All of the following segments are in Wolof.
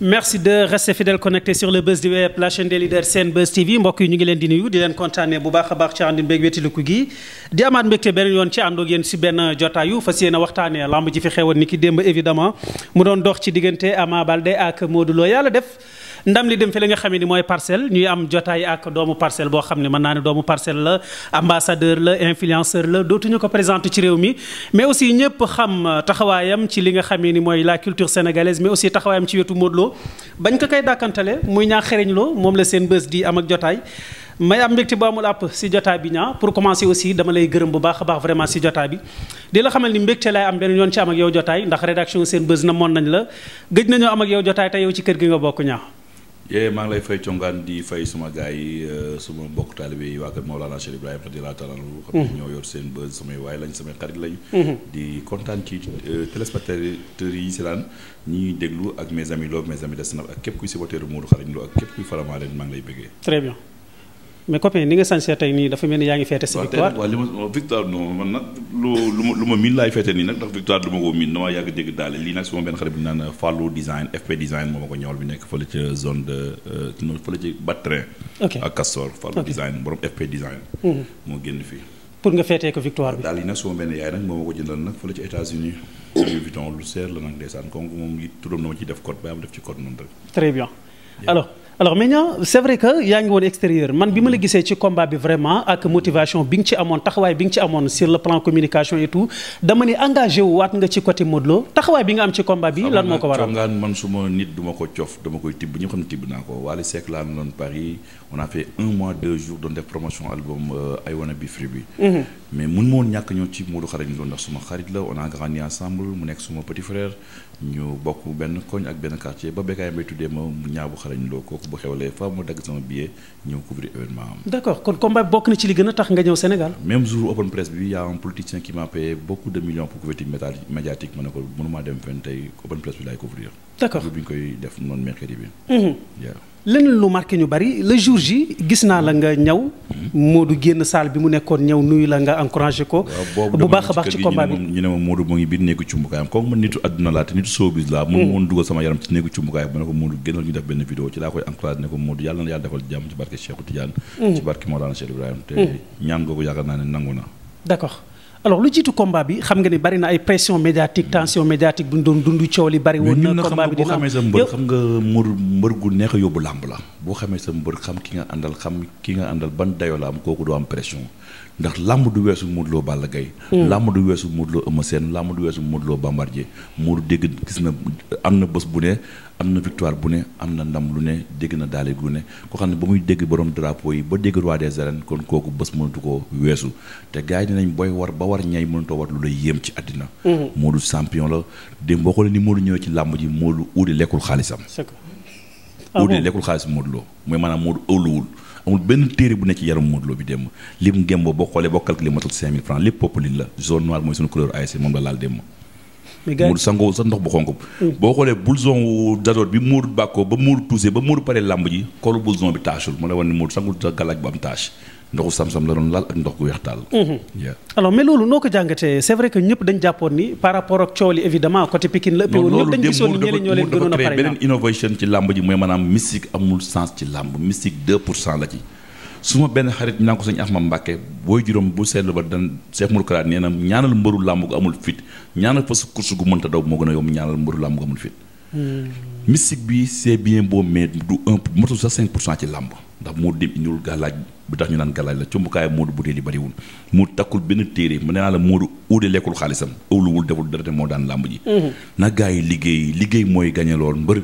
merci de rester fidèle connecté sur le buzz du web la chaîne des leaders Senbuzz TV mbokk yi ñu ngi leen di nuyu di leen kontaanee bu baax a baax ci àndin beeg wétaliku gi di amaat mbégte benn yoon ci àndoog yéen si benn jotaayu fas yéene waxtaanee lamb ji fi xewoon ni ki démb évidemment mu doon dox ci diggante Ama Baldé ak Modou Lo yàlla def. ndam li dem fi li nga xam ne ni mooy parcelle ñuy am jotaay ak doomu parcelle boo xam ne mën naa ne doomu parcelle la ambassadeur la influenceur la dootuñu ko présenté ci réew mi mais aussi ñëpp xam taxawaayam ci li nga xam ne ni mooy la culture sénégalaise mais aussi taxawaayam ci wetu Modou Lo bañ ko koy dàkkantale muy ñaa xereñ loo moom la seen bés di am ak jotaay may am mbégte bu amul àpp si jotaay bi ñaa pour commencer aussi dama lay gërëm bu baax a baax vraiment si jotaay bi di la xamal ni mbégte lay am benn yoon ci am ak yow jotaay ndax rédaction seen bés na moon nañ la gëj nañoo am ak yow jotaay te yow ci kër gi nga bokk ñaa yee maa ngi lay fay congaan di fay suma gars yi euh, suma mbokk taalibe yi waa kër Mawlana Cheikh Ibrahima radiyallahu taala anhu xam ne mm-hmm. ñoo yor seen bës samay waay lañ samay xarit lañ mm-hmm. di kontaan ci euh, téléspectateurs yi seetaan ñuy déglu ak mes amis loobu mes amis de snap ak képp kuy supporteru Modou Xarañ Lo ak képp kuy faramaale maa ngi lay bëggee mais copain ni nga sañsee tey nii dafa mel ni yaa ngi feete si victoire waaw li ma victoire non man nag lu lu ma lu ma miin laay feete nii nag ndax victoire du ma ko miin damaa yàgg dégg daale lii nag su ma benn euh, moo ma ko ñëwal bi nekk fële euh, mhm. ko victoire bi daal yi nag su ma benn yaay nag moo ma ko jëndal nag fële ca États-Unis Louis Vuitton lu seer la nag ndeysaan kon moom li turam na ma ci def code ba am def ci code noonu rek alors Ménia c'est vrai que yaa ngi woon extérieur man bi ma la gisee ci combat bi vraiment ak motivation bi nga ci amoon taxawaay bi nga ci amoon sur le plan communication et dama ni engagé waat nga ci côté Modou taxawaay bi nga am ci combat bi lan moo ko waral nga man su ma Paris on a fait un mois deux jours doon def promotion album euh, I Wanna Be Free bi mhm. mais mun moon ñàkk ñëw ci Modou xarañ loolu ndax suma xarit la on a grandi ensemble mu nekk ñu bokk benn koñ ak benn quartier ba bekkaay mbay tuddee ma ñaabu xarañ loo kooku bu xewlee fa mu dagg sama billet ñëw couvrir événement d'accord kon combat bokk na ci li gën a tax nga ñëw Sénégal. même jour open press bi y a politicien qui m'a payé beaucoup de millions pour couverture médiatique ma ne ko mënuma dem fenn tey open press bi laay couvrir. d'accord jour bi ñu koy def noonu mercredi bi. Mm-hmm. leneen lu marqué ñu bari le jour J gis naa la nga ñëw. Modou génn salle bi mu nekkoon ñëw nuyu la nga encouragé ko. bu baax a baax ci combat bi ñu ne ma Modou moo ngi biir néegu mm. dugal sama yaram ci néegu cumbukaayam ma ne ko Modou génnal ñu def benn vidéo ci laa koy encouragé ne ko Modou yàlla na yàlla defal jàmm ci barke Cheikhou Tidiane. Mm. ci barke Mawlana Cheikh Ibrahima. te mm. ñaan googu yaakaar naa ne nangu na. d'accord. alors lu jiitu combat bi xam nga ni bari na ay pression médiatique tension médiatique bu ñu doon dund li bari woon na combat bi dina am boo xamee sa mbër xam nga mbër mbër gu neex a yóbbu làmb la boo xamee sa mbër xam ki nga àndal xam kii nga àndal ban dayoo la am kooku doo am pression ndax làmb du weesu Modou Lo Balla Gaye hmm. làmb du weesu Modou Lo Eumeu Sène làmb du weesu Modou Lo Bombardier Modou dégg gis na am na bés bu ne am na victoire bu ne am na ndam lu ne dégg na daale gu ne ko xam ne ba muy dégg borom drapeau yi ba dégg roi des arènes kon kooku bés mënatu ko weesu te gars yi dinañ booy war ba war ñay mënatoo war lu lay yéem ci àddina mhm. Modou champion la démb boo xoolee ni Modou ñëwee ci làmb ji Modou uudi lekkul xaalisam ah uudi lekkul xaalis Modou Lo mooy maanaam Modou ëwluwul amul benn téere bu ne ci yaram Modou Lo bi démb lim ngémbo boo xoolee boo calculé matul 5000 francs lépp la zone noire mooy suñu couleur ASC moom la laal démb mu sangoo sa ndox bu xonk boo xoolee blouson wu dadoot bi Modou bàkkoo ba Modou tuusee ba Modou paree làmb ji kolu blouson bi taachul mu la wan ne Modou sangul sa galaaj bu am taache ndoxu samsam la doon laal ak ndox gu taal. Mhm. alors mais noo ko jàngatee c'est vrai que ñëpp dañ jàppoon ni par rapport ak coow li évidemment côté Pikine la ëpp woon ñëpp dañ gisoon ñeneen ñoo leen gënoon a pare beneen innovation ci làmb ji mooy maanaam mystique su ma benn xarit ñu naan ko sëñ Axma Mbàkke booy juróom bu seetlu ba dan Cheikh Mourou nee na ñaanal mbëru làmb gu amul fit ñaanal fa sa course gu mënta daw moo gën a yomb ñaanal mbëru làmb gu amul fit hmm. mystique bi c'est bien beau mais du un motul sax cinq pour ci làmb ndax moo dem indiwul gàllaaj bi tax ñu naan gàllaaj la cumbukaay moodu butéel yi bariwul mu takkul benn téere mu nee naa la moodu uude lekkul xaalisam ëwluwul deful dara te moo daan làmb ji hmm. na gars yi liggéey liggéey mooy gañe lool mbër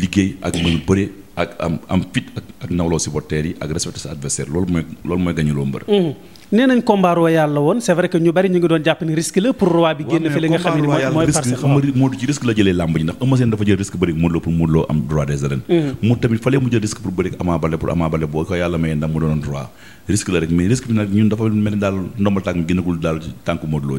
liggéey ak mën bëre ak am fit ak ak nawloo supporters yi ak respecter sa adversaire loolu mooy loolu mooy gañuloo mbër mhm. nee nañ combat royal woon c'est vrai que ñu bari ñu ngi doon jàpp ni la pour làmb ji ndax Eumeu Sène dafa jël risque bëri Modou pour Modou am droit des arènes mu mhm. tamit fallait mu jël risque pour bëri Ama Baldé pour Ama Baldé boo ko yàlla may ndam mu doonoon droit risque la rek mais risque bi nag ñun dafa mel ni daal ndombal tànk génnagul daal tànk Modou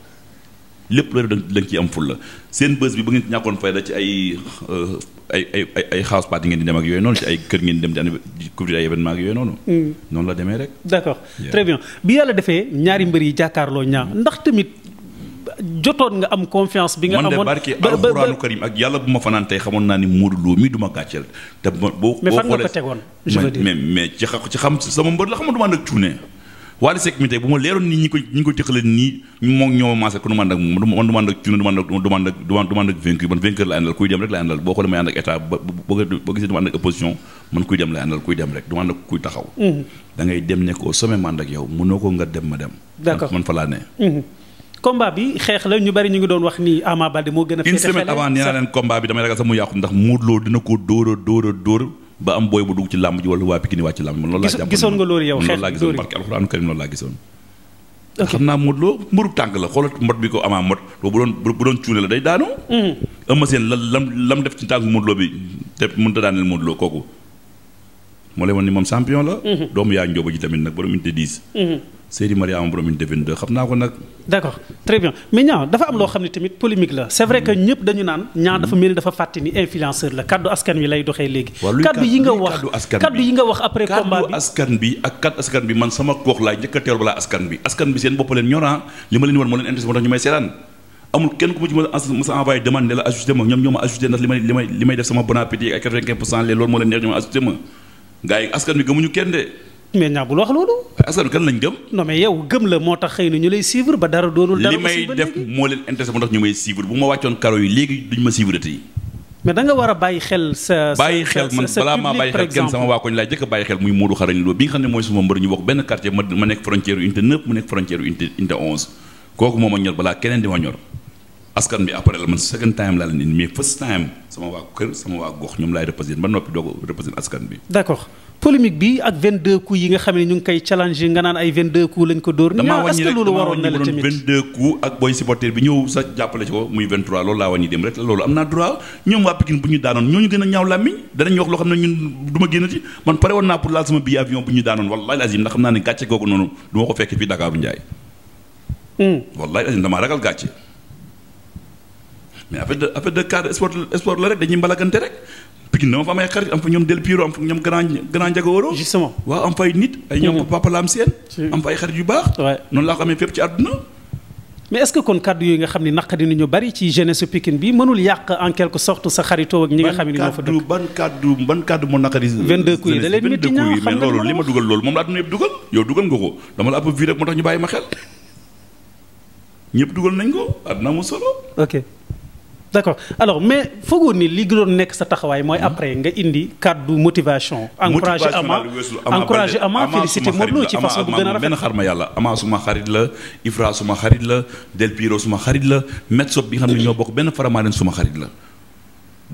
lépp loo def da nga ciy am fulla seen bës bi ba ngeen ñàkkoon fayda ci ay euh, ay ay ay ngeen di dem ak yooyu noonu ci ay kër ngeen dem di couvrir ay événement ak yooyu noonu. Hmm. noonu la demee rek. d'accord très bien bi yàlla defee ñaari mbër yi jàkkaarloo ñaar hmm. ndax tamit. jotoon nga am confiance bi nga amoon man de barki alxuraanu karim ak yàlla bu ma fanaan xamoon naa ni Modou Lo mi du ma gàcceel te boo boo xoolee ko tegoon je veux dire mais mais ci xam ci sama mbër la xam nga du ma ànd cuune Wally Seck mi tey bu ma leeroon nii ñi ko ñi ko tëqale nii moom ñoo ma maase ko du ak moom man du ma ànd ak cuuna du ma ak du man vainqueur la àndal kuy dem rek ba ba gisee du ma ak kuy la taxaw da dem ne ko sommet ak yow mënoo ko nga dem ma dem man fa laa ne combat bi xeex la ñu bari ñu ngi doon wax ni Ama Baldé moo gën a une semaine avant nee naa leen combat bi damay ragal sax mu yàqu ndax Modou Lo dina ko dóor a dóor a dóor ba am booy bu dugg ci làmb ji wala waa Pikine wàcc làmb man loolu laa jàpp nga loolu yow xeex alxuraanu karim loolu laa gisoon xam naa Modou Lo mbëru tànk la xoolal mot bi ko amaa mot bu doon bu doon cuune la day daanu mm-hmm. Eumeu Sène la lam def ci tànk Modou Lo bi te mënut a daaneel Modou Lo kooku moo lay woon ni moom champion la mm-hmm. doomu yaa njóoba ji tamit nag borom inte Seydi Mariama borom une devine deux xam naa ko nag. dafa am loo xam ne tamit polémique la c' que ñëpp dañu naan ñaa dafa mel ni dafa fàttali ni influenceur la kaddu askan wi lay doxee léegi. kaddu yi nga wax kaddu askan bi ak kaddu askan bi man sama gox laay njëkk a balaa askan bi askan bi seen bopp leen ah. li ma leen wan moo leen intéressé moo tax ñu may seetaan amul kenn ku ma ci mën a envoyé demande la ajusté ma ñoom ñoo ma ajusté ndax mais ñaagul wax loolu. askan kan lañ gëm. non mais yow gëm la moo tax xëy na ñu lay suivre ba dara doonul. dara li may bu ma wàccoon karo yi léegi duñ ma suivre tey. mais da war a bàyyi xel sa. bàyyi xel man a bàyyi xel muy Modou Xarañ Lo bi nga xam ne mooy suma ma di ma ñor askan bi après la man second time laa leen waa kër ñoom laay représenté ba noppi doog a représenté askan bi d'accord polémique bi ak 22 coups yi nga xam ne ñu ngi koy challenge nga naan ay 22 coups lañ ko dóor. damaa wàññi rek damaa wàññi bu doon 22 coups ak boy supporter bi wàññi dem rek loolu am naa droit ñoom waa Pikine bu ñu daanoon ñooñu gën a ñaaw làmmiñ danañ wax loo xam ne ñun du ma génnati man pare woon naa pour laal sama billet avion bu ñu daanoon wallahi lazim ndax xam naa ne gàcce googu noonu du ko fekk fii Dakar Ndiaye. Hmm. wallahi lazim damaa ragal gàcce Pikine dama fa am ay xarit am fa ñoom Del Piro am fa ñoom grand grand Ndiagoro. justement waaw am fay nit. ay ñoom Papa Lam Sène. am fa ay xarit yu baax. waay noonu laa ko amee fépp ci àdduna. mais est-ce que kon kàddu yooyu nga xam ne naqari nañu bari ci jeunesse Pikine bi mënul yàq en quelque sorte sa xaritoo ak ñi nga xam ne ñoo fa dëkk ban kàddu ban kàddu moo naqari 22 coups yi da leen métti ñaa xam mais loolu li ma dugal loolu moom la àdduna yëpp dugal yow dugal nga ko dama la ma xel ñëpp d' accord alors mais foogoon ni li doon nekk sa taxawaay mooy mhm. après nga indi kàddu motivation. encouragé Ama encouragé Ama félicité Modou Lo ci façon bu gën a rafet benn xar ma yàlla Ama suma xarit la Ifra suma xarit la Del Piro suma xarit la Metsob bi nga xam ne ñoo bokk benn faramaaren suma xarit la.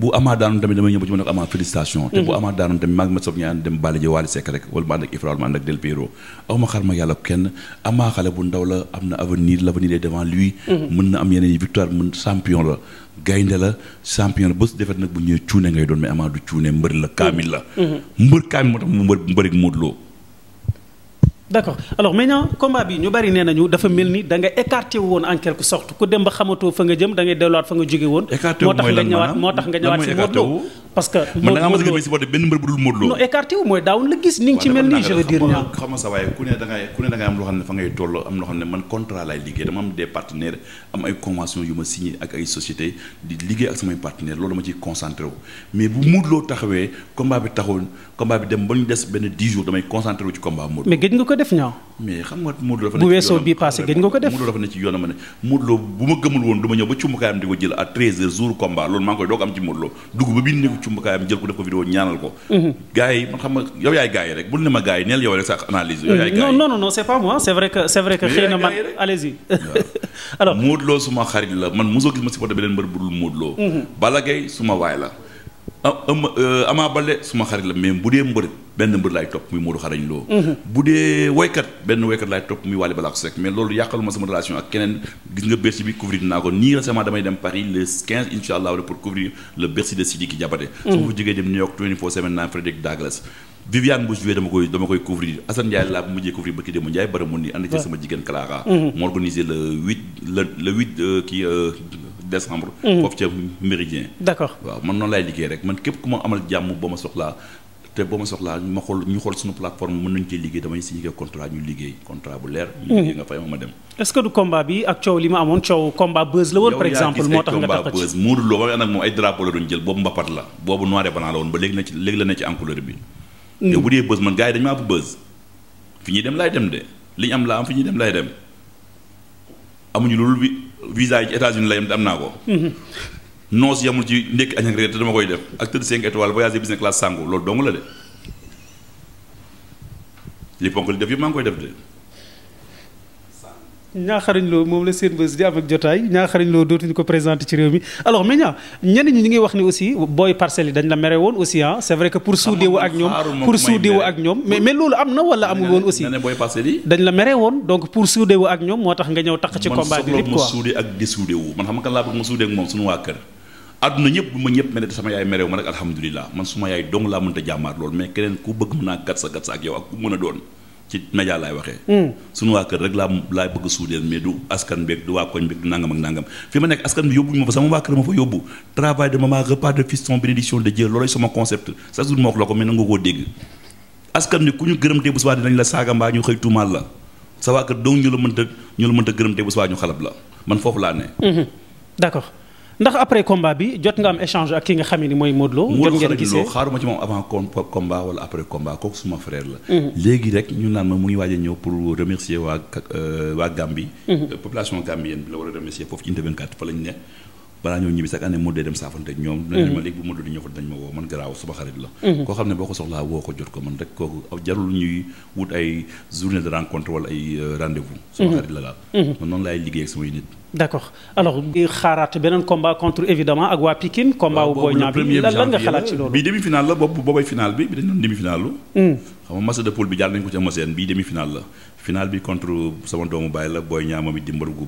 bu amaa daanoon tamit damay ñëw ba ci mën amaa félicitation te bu mhm. amaa daanoon tamit maa ma sob ñaan dem bàlle ji Wally Seck rek wala ma ànd ak Ifra wala ma ànd ak Del Piero aw ma xar ma yàlla kenn amaa xale bu ndaw la am na avenir l'avenir est devant lui mhm. mën na am yeneen yi victoire mën champion la gaynde la champion la bés defet nag bu ñëwee cuune ngay doon mais amaa du cuune mbër la kaamil la mhm. mbër kaamil moo tax mu mbër mbërik d'accord alors maintenant combat bi ñu bari nee nañu dafa mel ni da nga écarté woon en quelque sorte ku dem ba xamatoo fa nga jëm da ngay delluwaat fa nga jóge woon. écarté wu mooy lan maanaam moo tax nga ñëwaat moo tax nga ñëwaat si Modou Lo parce que. Modou Lo a gis daawul la gis ni ci mel nii je veux dire. loo xam ne fa ngay toll am loo xam ne man contrat laay liggéey dama am des partenaires am ay convention yu ma signé ak ay société di liggéey ak samay partenaires loolu ma ciy concentré mais bu Modou Lo taxawee combat bi taxoon combat def ñaaw. mais xam nga Modou dafa ne ko def Modou dafa ci yoonam ma ne Modou bu ma gëmul woon du ma ñëw ba cumbukaayam di ko jël à 13h combat loolu maa ngi koy doog am ci Modou Lo dugg ba biir cumbukaayam jël ko def ko vidéo ñaanal ko mhm. gars man xam nga yow yaay gars yi rek bul ne ma gars yi neel yow rek sa analyse yow yaay mhm. gars yi non non xarit la man mosoo gis ma supporté beneen mbër bu dul Modou Lo mhm. Balla Gaye suma waay la Ah, euh, Ama Baldé suma xarit la mais bu dee mbër benn mbër laay topp muy Modou Xarañ Lo mhm. bu dee woykat benn woykat laay topp muy Wally Ballago Seck mais loolu yàqaluma sama relation ak keneen gis nga Bercy bi couvrir naa ko nii récemment damay naa mhm. Frédéric Douglas Viviane bu joué dama koy dama koy couvrir Assane Ndiaye laa bu mujjee couvrir ba ki dee mu Ndiaye bara mun ni ànd sama jigéen Clara. Mhm. mu organisé le 8 le le 8 décembre. Mhm. foofu ca méridien. d'accord waaw man noonu laay liggéey rek man képp ku ma amal jàmm ba ma soxlaa. te boo ma soxlaa ma xool ñu xool suñu plateforme mën nañu cee liggéey damay signé contrat ñu liggéey contrat bu leer. ñu mhm. liggéey nga fay ma ma dem. est-ce que du combat bi ak coow li ma amoon coow combat buzz la woon. par exemple moo tax nga tax ci Modou Lo ba nag moom ay drapeau la doon jël boobu mbapat la boobu noir et blanc la woon ba léegi na ci léegi la ne ci en couleur bi. te mhm. bu dee buzz man gars yi dañu maa bu buzz fi ñuy dem laay dem de li ñu am laa am fi ñuy dem laay dem amuñu loolu bi. visa yi ci États-Unis la yem am naa ko. Mhm. noos yamul ci ndekki añ ak reer te dama koy def ak tëdd 5 étoiles voyager business class sangu loolu dong la de li ponk li def yëpp maa koy def de. ñaa xarañ loo moom la seen bés di am ak jotaay ñaa xarañ dootuñu ko présenté ci réew mi alors mais ñaa ñu ngi wax ni aussi booy parcelles yi dañ la mere woon aussi ah, na wala amul woon aussi dañ la mere woon donc pour suudeewu ak ñoom moo tax nga ñëw tax ci combat bi lépp quoi suude ak di suudewu man xam nga laa bëgg ma suude moom suñu waa kër àdduna ñëpp bu ma ñëpp mel ne sama yaay mereewu ma rek alhamdulilah man suma yaay dong laa mënta jàmmaar loolu mais keneen ci média laay waxee. Hmm. sunu waa kër rek laa laa bëgg a suudeel mais du askan beeg du waa koñ beeg du nangam ak nangam fi ma nekk askan bi yóbbuñu ma fa sama waa kër ma fa yóbbu travail de maman repas de fiston bénédiction de Dieu loolooy sama concept sa jour ma wax la ko mais nangu koo dégg askan bi ku ñu gërëm te bu subaa la saaga mbaa ñu xëy tuumaal la sa waa kër dong ñu la mënta ñu la mënta gërëm te bu subaa ñu xalab la man foofu laa ne. Hmm. d'accord. ndax après combat bi jot nga am échange ak ki nga xam ni mooy Modou Lo. jot ngeen gisee xaaruma ci moom avant combat wala après combat kooku suma frère la. Mhm. léegi rek ñu naan ma mu ngi waaj a ñëw pour remercier waa euh, waa Gambie. Mhm. Euh, population gambienne bi la war a remercier foofu ci Unité 24 fa lañ nekk balaa ñoo ñibbi sax année Modou day dem saafante ak ñoom dañ mhm. ma léegi bu Modou di ñëw fa dañ ma woo man garaaw suma xarit la mhm. koo xam ne boo ko soxlaa woo ko jot ko man rek kooku jarul ñuy wut ay journée de rencontre wala ay euh, rendez-vous mhm. suma xarit la daal man noonu laay liggéey ak samay nit d' accord xaaraat beneen combat contre évidemment ak waa Pikine combat wu Boy Niang bi lan nga xalaat ci loolu bii demi final la boobu boobay final bi bi dañ demi final xam nga de poule bi jaar nañu ko ci Amacène bii demi final la final bi contre sama doomu la Boy Niang moom it di mbaru gu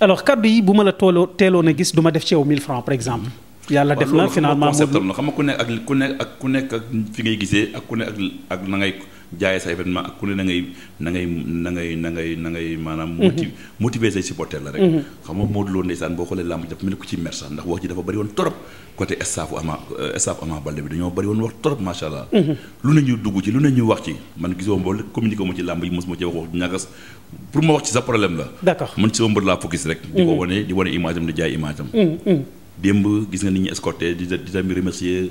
alors kaddu yi bu ma la tooloo teeloon a gis duma def ci yow 1000 francs par exemple. yàlla def na finalement xam nga ku ak ku nekk ak ku nekk ak fi ngay gisee ak ku nekk ak ak na ngay. jaayee sa événement ak ku ne na ngay na ngay na ngay maanaam mhm. motiv motiver say supporters la rek mhm. xam nga Modou Lo ndeysaan boo xoolee làmb dafa mel ku ci mersa ndax wax ji dafa bëri woon torop côté staffu ama euh, dañoo bëri woon wax torop macha allah mhm. lu ne ñu dugg ci lu ne ñu wax ci man gisoo mbool communiqué ma ci làmb yi mos ma ci wax wax ñagas pour ma wax ci sa problème la d'accord man ci laa focus rek di ko wane di wane image di jaay image démb gis nga nit ñi escorté di di tamit remercier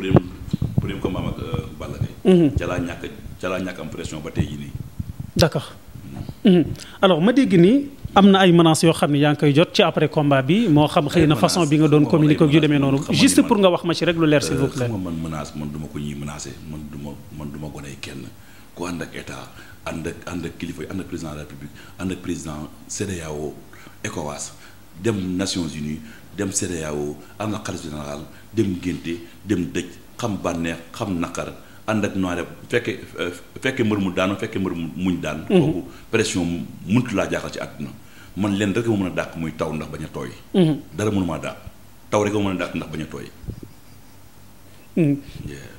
premier premier combat ak euh, Balla Gaye mhm. ca laa ñàkk am pression ba tey jii nii. d'accord mhm. alors ma dégg nii am na ay menaces yoo xam ne yaa ngi koy jot ci après combat bi moo xam xëy na façon bi nga doon communiquer ak yu demee noonu. juste pour nga wax ma ci rek lu leer s'il vous euh, plaît. xam nga man menace man duma ko ñuy menacer man duma man duma gone kenn ku ànd ak état ànd ak ànd ak kilifa ànd ak président la république ànd ak président CEDEAO ECOWAS dem Nations Unies. dem CEDEAO am na xalis général dem ngénte dem dëj xam bànneex xam naqar ànd ak noire fekke fekke mbër mu daanu fekke mbër mu muñ daan mhm. kooku pression muntu laa jaaxal ci àdduna man leen rek ma mën a dàq muy taw ndax bañ a tooy mhm. dara mënumaa dàq taw rek ma mën a dàq ndax bañ a tooy mhm.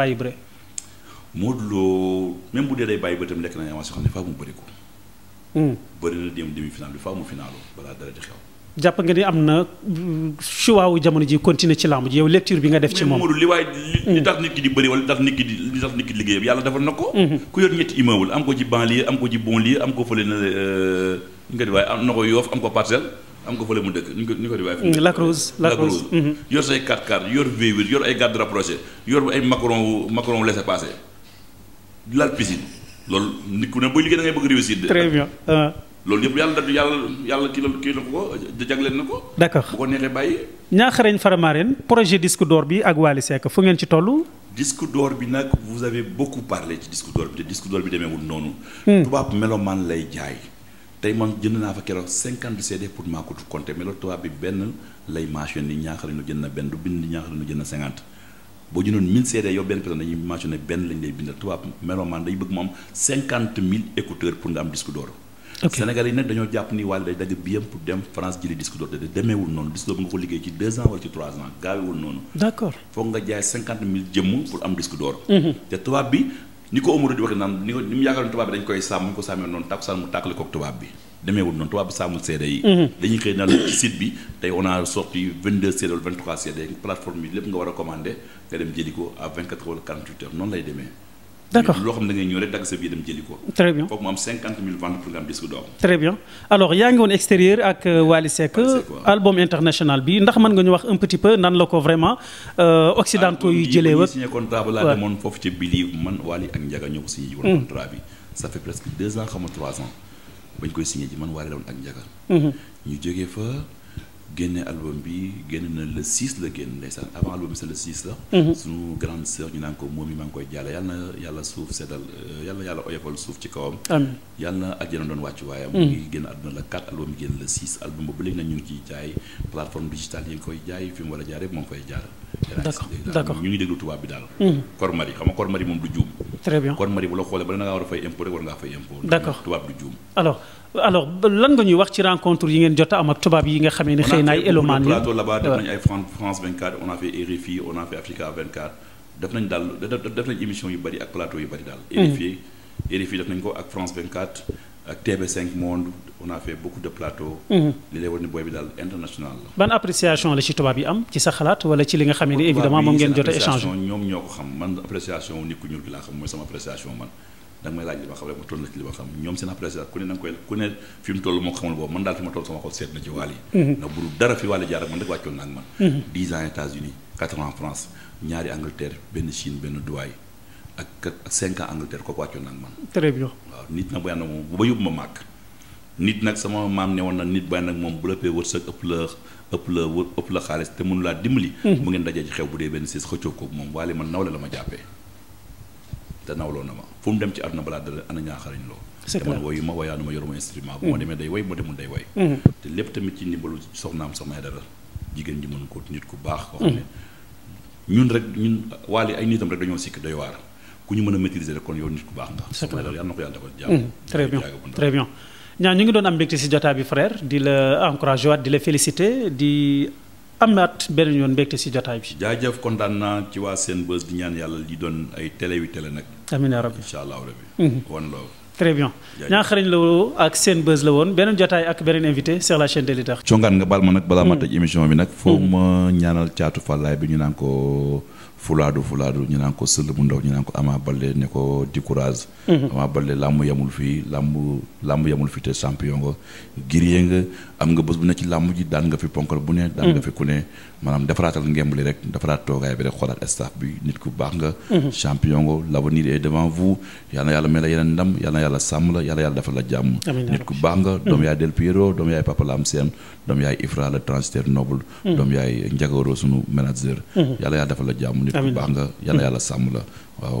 bàyyi bëre. Modou Lo même bu dee day bàyyi bëre tamit lekk nañu avance yoo xam ne faaw mu bëri ko. Hmm. bëri na dem demi final bi faaw mu finaalu balaa dara di xew. jàpp nga ni am na euh, choix jamono ji continuer ci làmb yow lecture bi nga def. ci moom Modou li waaye li hmm. tax nit ki di bëri wala li tax nit ki di li tax nit ki di liggéeyam yàlla defal na hmm. ku yor ñetti immeuble am ko ci banlieue am ko ci banlieue am ko fële na euh, nga di waaye am yoof am ko parcelle am ko fële mu dëkk ñu ko ñu di waaye. la Cruz la mhm. yor say 4x4 yor V8 yor ay garde rapproché yor ay macron wu macron wu laissé passé laal piscine loolu nit ku ne booy liggéey da ngay bëgg réussir. très bien. Ah. loolu yëpp yàlla da yàlla yàlla kii la kii la ko jagleel na ko. d' accord bu ko neexee bàyyi. Ñaaxarañ Faramareen projet disque door bi ak Wally Seck fu ngeen ci toll. disque door bi nag vous avez beaucoup parlé ci disque d'or bi te disque d'or bi demeewul noonu. Hmm. tubaab melomaan lay jaay. tey man jënd naa fa keroog cinquante CD pour maa ko compter mais loolu bi benn lay mentionné ni ñaaxal ñu jënd na benn du bind ñaaxal ñu jënd na cinquante boo jëndoon mille CD yow benn personne dañuy mentionné benn lañ lay bindal tubaab mélomaan day bëgg mu am cinquante mille écouteurs pour nga am disque d'or ok yi nag dañoo jàpp ni waaye day dagg biyam pour dem France jëli disque d'or de demeewul noonu disque d'or bu nga ko liggéey ci deux ans wala ni ko Omar di waxee naan ni ko ni mu tubaab bi dañ koy sàmm noonu tàkkusaan mu tàkkale koog tubaab bi demeewul noonu tubaab bi sàmmul seede yi mhm. dañuy xëy na ci bi tey on a sorti 22 seede wala 23 seede plateforme bi lépp nga war a commandé nga dem jëli ko à 24 wala 48 heures noonu lay demee loo xam ne da ngay ñëw dagg sa biir dem jëli ko. très bien foofu yaa ngi woon extérieur ak euh, Wally Seck. album international bi ndax man nga ñu wax un petit peu nan la ko vraiment. Euh, occidentaux yu jëlee wa signé contrat ba laa demoon foofu ca Bili man Wally ak Ndiaga ñoo ko signé woon mm. contrat bi ji man Wally la woon ak Ndiaga. Mm-hmm. ñu jógee fa. génne album bi génn na le 6 la génn ndeysaan avant album bi c'est le 6 la. Mhm. suñu grande sœur ñu naan ko moom yi maa ngi koy jàll yàlla yàlla suuf seddal euh, yàlla yàlla oyofal suuf ci kawam. yàlla na àjjana doon wàcc waayam. Mhm. mu ngi génn àdduna la 4 album bi génn le 6 album boobu léegi nag ñu ngi jaay plateforme digitale yi nga koy jaay fi mu a jaar rek moo ngi jaar. d'accord d'accord ñu ngi déglu tubaab mhm. moom du juum. très bien bu la xoolee ba la nga alors lan nga ñuy wax ci rencontre yi ngeen jot am ak tubaab yi nga xamee ni xëy na ay élomanes yi plateau là-bas def nañ ay France 24 on a fait RFI on a fait Africa 24 def nañ daal def nañ émission yu bëri ak plateau yu bëri daal RFI RFI def nañ ko ak France 24 ak TV5 Monde on a fait beaucoup de plateaux. li lay wan ni booy bi daal international ban appréciation la ci tubaab yi am ci sa xalaat wala ci li nga xam ne évidemment moom ngeen jot a échanger ñoom ñoo ko xam man appréciation nit ku ñuul da may laaj li ma xam rek ma toll na ci li ma xam ñoom seen appréciation ku ne na nga koy ku ne fi mu toll moo xamul boobu man daal fi ma toll sama xol seet na ci wàll yi mhm. ndax bu dara fi wàll jaar ak man rek wàccoon naa man mhm. benn Chine benn Dubaï ak 5 ans Angleterre kooku wàccoon naa ak man très bien waaw nit nag bu yàlla moom bu ba yóbbu ma màkk nit nag sama maam ne woon na nit bàyyi nag moom bu la pee wërsëg ëpp la ëpp la ëpp la xaalis te mënu laa dimbali bu mhm. ngeen dajee ci xew bu dee benn siis xëccoo ko moom waale man nawle la ma jàppee te nawloo na ma fu mu dem ci àdduna balaa dala ana ñaa xarañ loo te man woyu ma woyaanu ma yoruma instrument mm. bu ma demee day woy bu ma demul day woy mm-hmm. te lépp tamit ci ndimbalu soxnaam soxnaay dara jigéen ko nit ku baax koo xam ne mm. ñun rek ñun waali ay nitam a maîtriser rek kon yow nit ku baax nga soxnaay dara yàlla na ko yàlla defal jàmm mm-hmm. très ngi doon am mbégte si jotaa bi frère di la encouragé di la félicité di amaat beneen yoon mbégte si jotaay bi. jaajëf kontaan naa ci waa seen Senbuzz di ñaan yàlla di doon ay télé wi télé nag. amiin yaa rabbi incha allahu rabbi mhm. wan très bien ñaa xarañ ak seen buzz la woon beneen jotaay ak beneen invité sur la chaîne de l'État congaan nga baal ma nag balaa ma mhm. tëj émission bi nag foo mhm. ma ñaanal caatu fallaay bi ñu naan ko fulaadu fulaadu ñu naan ko sëll ndaw ñu naan ko Ama Baldé ne ko di courage Ama Baldé yamul fii làmb làmb yamul fii te champion nga giriyee nga am nga bés bu ne ci làmb ji daan nga fi ponkal bu ne daan nga mm. fi ku ne maanaam defaraatal ngemb li rek defaraat toogaay bi rek xoolaat staff bi nit ku baax nga mm-hmm. champion nga l'avenir est devant na yàlla may la yeneen ndam yal yàlla sàmm la yal na yàlla defal la baax nga doom mm. yaay Del Piero doom yaay Papa Lam Sène doom yaay Ifra le transitaire noble mm. doom yaay njagaoroo sunu manager mm-hmm. yal na yàlla defal la jàmm nit ku baax nga yal yàlla sàmm la waaw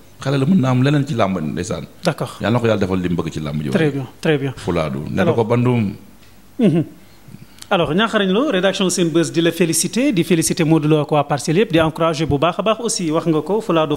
xale la mën na am leneen ci làmb ndeysaan. d'accord yàlla na yàlla defal li mu bëgg ci làmb ji. très bien très ko bandum. Mhm. alors Ndiakhate Lo rédaction seen bés di la féliciter di féliciter Modou Lo ak waa Parcelles yëpp di a baax aussi wax nga ko fulaadu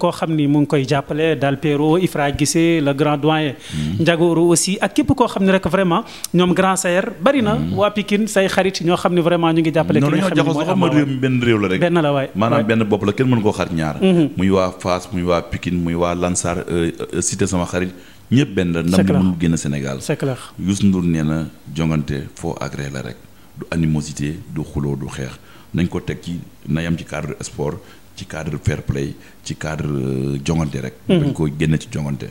koo xam ni mu ngi koy jàppale Dal Péro Ifra Guissé le grand doyen. Mm-hmm. Ndiagourou aussi ak képp koo xam ne rek vraiment ñoom grand sayer bari na mm-hmm. waa Pikine say xarit ñoo xam ne vraiment ñu ngi jàppale. ki nga xam ne mooy Ama Baldé benn réew la rek. benn la waay maanaam benn bopp la kenn mën koo xaar ñaar. Mm-hmm. muy waa Fass muy waa Pikine muy waa Lansar euh, euh, cité sama xarit ñëpp benn la ndam mënul génn Sénégal c'est clair Youssou Ndour nee na jongante foo agré la rek du animosité du xuloo du xeex nañ ko teg ci na yam ci cadre sport ci cadre fair play ci cadre euh, jongante rek mm-hmm. dañ ko génne ci jongante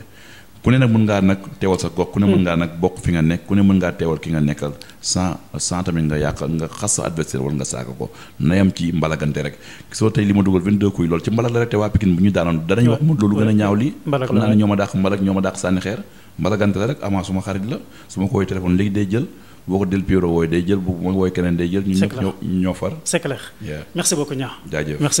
ku ne nag mën ngaa nag teewal sa gox ku ne mën hmm. ngaa nag bokk fi nga nekk ku ne mën ngaa teewal ki nga nekkal sans sans tamit nga yàq nga xas sa adversaire wala nga saaka ko nayam ci mbalagante rek soo tey li ma dugal 22 kuy loolu ci mbalag la rek te waa Pikine bu ñu daanoon danañ wax mu loolu gën a ñaaw lii xam naa ne ñoo ma dàq mbalag ñoo ma dàq sànni xeer mbalagante la rek avant suma xarit la su ma koy téléphone léegi day jël boo ko del ñu ñëpp ñoo far c'est clair merci beaucoup ñaa jaajëf merci